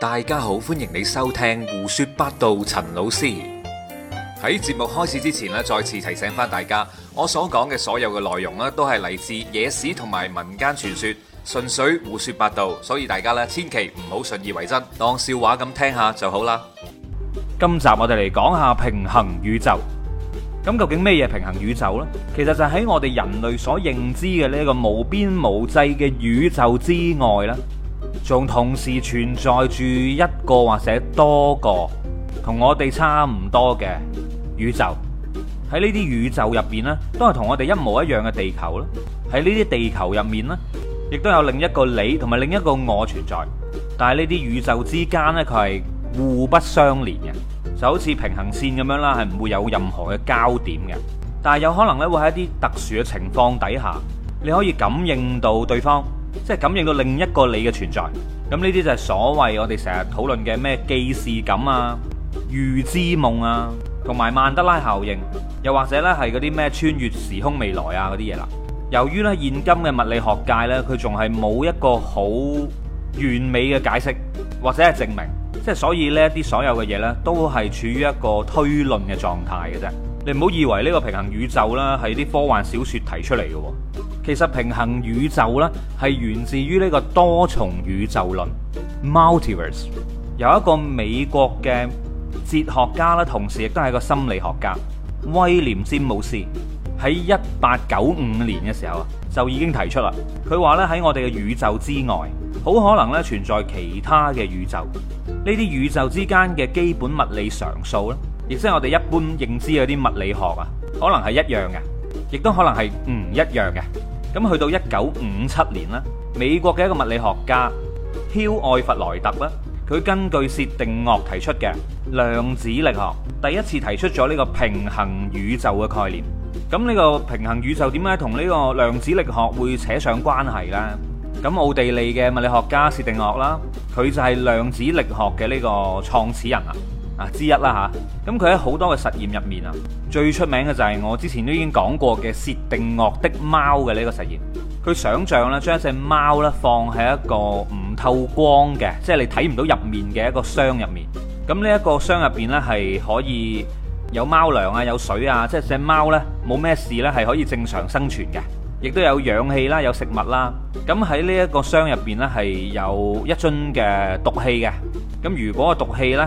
大家好，歡迎你收聽胡說八道。陳老師喺節目開始之前咧，再次提醒翻大家，我所講嘅所有嘅內容咧，都係嚟自野史同埋民間傳說，純粹胡說八道，所以大家咧千祈唔好信以為真，當笑話咁聽下就好啦。今集我哋嚟講下平行宇宙。咁究竟咩嘢平行宇宙呢？其實就喺我哋人類所認知嘅呢個無邊無際嘅宇宙之外啦。仲同時存在住一個或者多個同我哋差唔多嘅宇宙，喺呢啲宇宙入邊呢，都係同我哋一模一樣嘅地球啦。喺呢啲地球入面呢，亦都有另一個你同埋另一個我存在。但係呢啲宇宙之間呢，佢係互不相連嘅，就好似平行線咁樣啦，係唔會有任何嘅交點嘅。但係有可能呢會喺一啲特殊嘅情況底下，你可以感應到對方。即係感應到另一個你嘅存在，咁呢啲就係所謂我哋成日討論嘅咩既視感啊、預知夢啊，同埋曼德拉效應，又或者呢係嗰啲咩穿越時空未來啊嗰啲嘢啦。由於呢現今嘅物理學界呢，佢仲係冇一個好完美嘅解釋或者係證明，即係所以呢啲所有嘅嘢呢，都係處於一個推論嘅狀態嘅啫。你唔好以為呢個平行宇宙啦係啲科幻小說提出嚟嘅。其實平行宇宙咧，係源自於呢個多重宇宙論 （multiverse）。multiverse，有一個美國嘅哲學家啦，同時亦都係個心理學家威廉詹姆斯喺一八九五年嘅時候啊就已經提出啦。佢話咧，喺我哋嘅宇宙之外，好可能咧存在其他嘅宇宙。呢啲宇宙之間嘅基本物理常數咧，亦即係我哋一般認知嗰啲物理學啊，可能係一樣嘅，亦都可能係唔一樣嘅。咁去到一九五七年咧，美國嘅一個物理學家 Hugh 埃弗萊特咧，佢根據薛定諤提出嘅量子力學第一次提出咗呢個平行宇宙嘅概念。咁呢個平行宇宙點解同呢個量子力學會扯上關係咧？咁奧地利嘅物理學家薛定諤啦，佢就係量子力學嘅呢個創始人啊！啊，之一啦嚇，咁佢喺好多嘅實驗入面啊，最出名嘅就係我之前都已經講過嘅薛定諤的貓嘅呢個實驗。佢想象咧，將一隻貓咧放喺一個唔透光嘅，即係你睇唔到入面嘅一個箱入面。咁呢一個箱入邊咧係可以有貓糧啊，有水啊，即係隻貓咧冇咩事咧係可以正常生存嘅，亦都有氧氣啦，有食物啦。咁喺呢一個箱入邊咧係有一樽嘅毒氣嘅。咁如果個毒氣咧，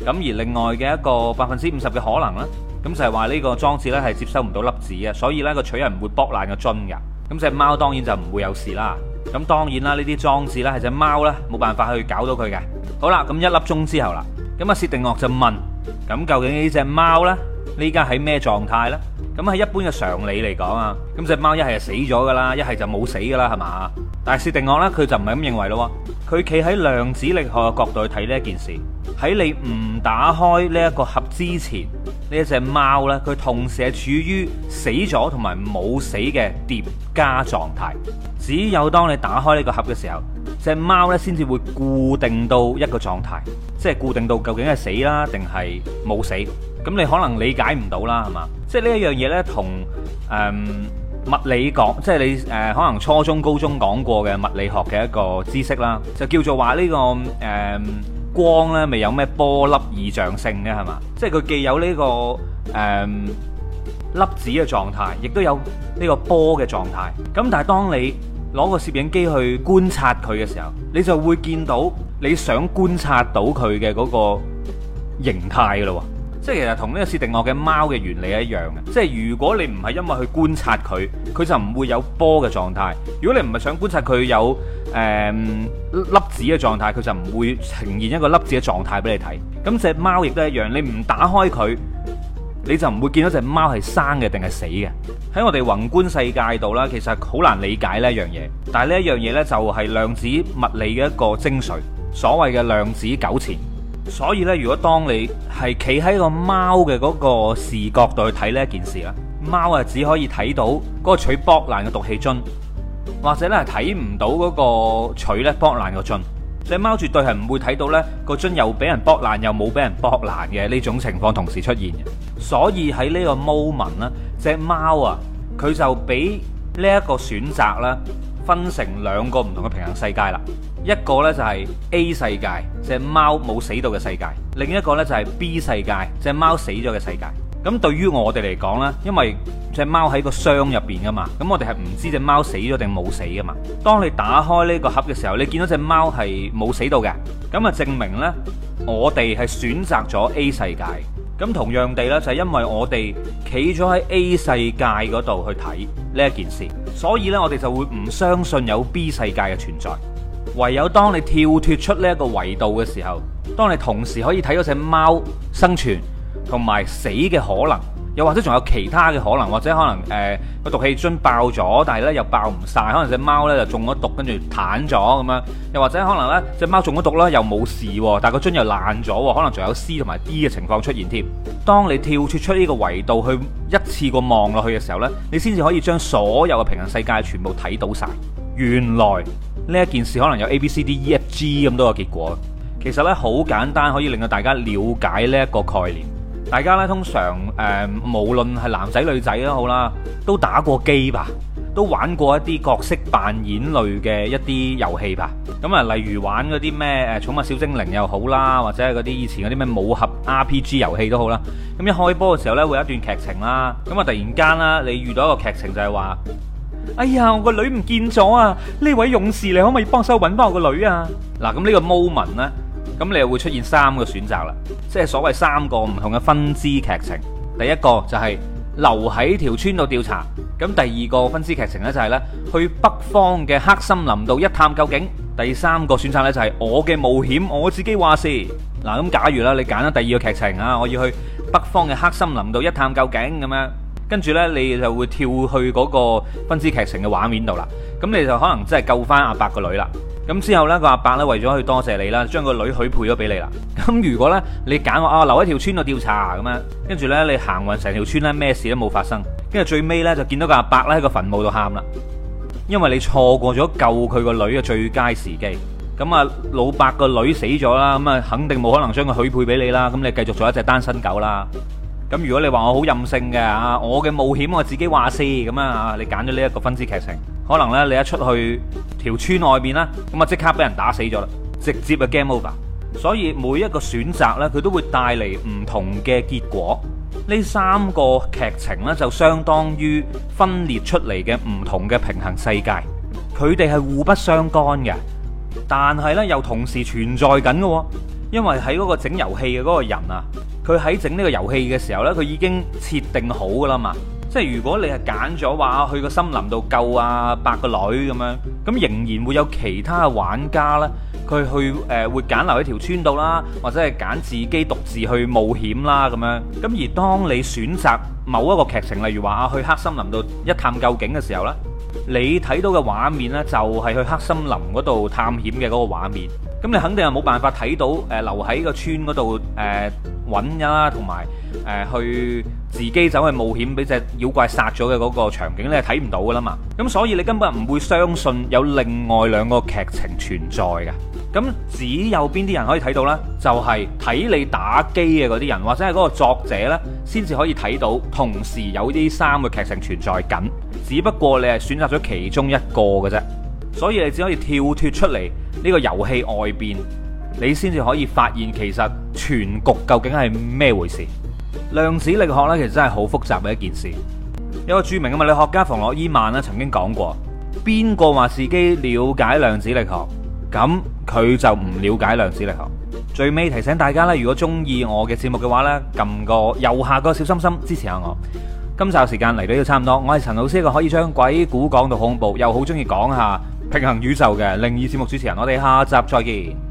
咁而另外嘅一個百分之五十嘅可能咧，咁就係話呢個裝置咧係接收唔到粒子啊，所以呢個取人唔會剝爛個樽噶。咁隻貓當然就唔會有事啦。咁當然啦，呢啲裝置咧係隻貓咧冇辦法去搞到佢嘅。好啦，咁一粒鐘之後啦，咁啊薛定諤就問：咁究竟呢隻貓咧，呢家喺咩狀態咧？咁係一般嘅常理嚟講啊，咁隻貓一係死咗噶啦，一係就冇死噶啦，係嘛？但係薛定諤咧，佢就唔係咁認為咯。佢企喺量子力學嘅角度去睇呢一件事。喺你唔打開呢一個盒之前，呢隻貓呢，佢同時係處於死咗同埋冇死嘅疊加狀態。只有當你打開呢個盒嘅時候，隻貓呢先至會固定到一個狀態，即係固定到究竟係死啦定係冇死。咁你可能理解唔到啦，係嘛？即係呢一樣嘢呢，同誒物理講，即係你誒可能初中、高中講過嘅物理學嘅一個知識啦，就叫做話呢個誒。嗯光呢未有咩波粒二象性嘅係嘛？即係佢既有呢、這個誒、嗯、粒子嘅狀態，亦都有呢個波嘅狀態。咁但係當你攞個攝影機去觀察佢嘅時候，你就會見到你想觀察到佢嘅嗰個形態噶咯。即係其實同呢個薛定諤嘅貓嘅原理一樣嘅，即係如果你唔係因為去觀察佢，佢就唔會有波嘅狀態；如果你唔係想觀察佢有誒、呃、粒子嘅狀態，佢就唔會呈現一個粒子嘅狀態俾你睇。咁、那、隻、個、貓亦都一樣，你唔打開佢，你就唔會見到隻貓係生嘅定係死嘅。喺我哋宏觀世界度啦，其實好難理解呢一樣嘢，但係呢一樣嘢呢，就係量子物理嘅一個精髓，所謂嘅量子糾纏。所以咧，如果當你係企喺個貓嘅嗰個視角度去睇呢一件事咧，貓啊只可以睇到嗰個取剝爛嘅毒氣樽，或者咧係睇唔到嗰個取咧剝爛個樽。所以隻貓絕對係唔會睇到咧個樽又俾人剝爛又冇俾人剝爛嘅呢種情況同時出現。所以喺呢個 moment 呢，隻貓啊佢就俾呢一個選擇啦，分成兩個唔同嘅平行世界啦。一個呢就係 A 世界，隻貓冇死到嘅世界；另一個呢就係 B 世界，隻貓死咗嘅世界。咁對於我哋嚟講咧，因為隻貓喺個箱入邊噶嘛，咁我哋係唔知隻貓死咗定冇死噶嘛。當你打開呢個盒嘅時候，你見到隻貓係冇死到嘅，咁啊證明呢，我哋係選擇咗 A 世界。咁同樣地呢，就係因為我哋企咗喺 A 世界嗰度去睇呢一件事，所以呢，我哋就會唔相信有 B 世界嘅存在。唯有當你跳脱出呢一個維度嘅時候，當你同時可以睇到隻貓生存同埋死嘅可能，又或者仲有其他嘅可能，或者可能誒個、呃、毒氣樽爆咗，但係咧又爆唔晒，可能隻貓咧就中咗毒，跟住癱咗咁樣，又或者可能呢隻貓中咗毒啦又冇事，但係個樽又爛咗，可能仲有 C 同埋 D 嘅情況出現添。當你跳脱出呢個維度去一次過望落去嘅時候呢，你先至可以將所有嘅平行世界全部睇到晒。原來呢一件事可能有 A、B、C、D、E、F、G 咁多個結果，其實呢，好簡單，可以令到大家了解呢一個概念。大家呢，通常誒、呃，無論係男仔女仔都好啦，都打過機吧，都玩過一啲角色扮演類嘅一啲遊戲吧。咁、嗯、啊，例如玩嗰啲咩誒寵物小精靈又好啦，或者係嗰啲以前嗰啲咩武俠 RPG 遊戲都好啦。咁、嗯、一開波嘅時候呢，會有一段劇情啦。咁、嗯、啊，突然間啦，你遇到一個劇情就係話。哎呀，我個女唔見咗啊！呢位勇士，你可唔可以幫手搵翻我個女啊？嗱，咁呢個 moment 咧，咁你又會出現三個選擇啦，即係所謂三個唔同嘅分支劇情。第一個就係留喺條村度調查，咁第二個分支劇情咧就係咧去北方嘅黑森林度一探究竟。第三個選擇咧就係我嘅冒險，我自己話事。嗱，咁假如啦，你揀咗第二個劇情啊，我要去北方嘅黑森林度一探究竟咁樣。跟住呢，你就會跳去嗰個分支劇情嘅畫面度啦。咁你就可能真係救翻阿伯個女啦。咁之後呢，個阿伯呢，為咗去多謝你啦，將個女許配咗俾你啦。咁如果呢，你揀我啊，我留喺條村度調查咁樣，跟住呢，你行運成條村呢，咩事都冇發生，跟住最尾呢，就見到個阿伯咧喺個墳墓度喊啦，因為你錯過咗救佢個女嘅最佳時機。咁啊老伯個女死咗啦，咁啊肯定冇可能將佢許配俾你啦。咁你繼續做一隻單身狗啦。咁如果你話我好任性嘅啊，我嘅冒險我自己話事咁啊，你揀咗呢一個分支劇情，可能咧你一出去條村外邊啦，咁啊即刻俾人打死咗啦，直接啊 game over。所以每一個選擇咧，佢都會帶嚟唔同嘅結果。呢三個劇情呢，就相當於分裂出嚟嘅唔同嘅平行世界，佢哋係互不相干嘅，但係呢又同時存在緊嘅。因為喺嗰個整遊戲嘅嗰個人啊，佢喺整呢個遊戲嘅時候呢，佢已經設定好㗎喇嘛。即係如果你係揀咗話去個森林度救啊八個女咁樣，咁仍然會有其他嘅玩家呢，佢去誒、呃、會揀留喺條村度啦，或者係揀自己獨自去冒險啦咁樣。咁而當你選擇某一個劇情，例如話啊去黑森林度一探究竟嘅時候呢，你睇到嘅畫面呢，就係去黑森林嗰度探險嘅嗰個畫面。咁你肯定係冇辦法睇到，誒、呃、留喺個村嗰度，誒揾啦，同埋誒去自己走去冒險，俾隻妖怪殺咗嘅嗰個場景，你係睇唔到噶啦嘛。咁所以你根本唔會相信有另外兩個劇情存在嘅。咁只有邊啲人可以睇到呢？就係、是、睇你打機嘅嗰啲人，或者係嗰個作者呢，先至可以睇到。同時有啲三個劇情存在緊，只不過你係選擇咗其中一個嘅啫。所以你只可以跳脱出嚟，呢個遊戲外邊，你先至可以發現其實全局，究竟係咩回事？量子力學呢，其實真係好複雜嘅一件事。有個著名嘅物理學家馮諾伊曼咧，曾經講過：邊個話自己了解量子力學，咁佢就唔了解量子力學。最尾提醒大家呢，如果中意我嘅節目嘅話呢，撳個右下個小心心支持下我。今集時間嚟到呢度差唔多，我係陳老師，我可以將鬼故講到恐怖，又好中意講下。平行宇宙嘅靈異節目主持人，我哋下一集再見。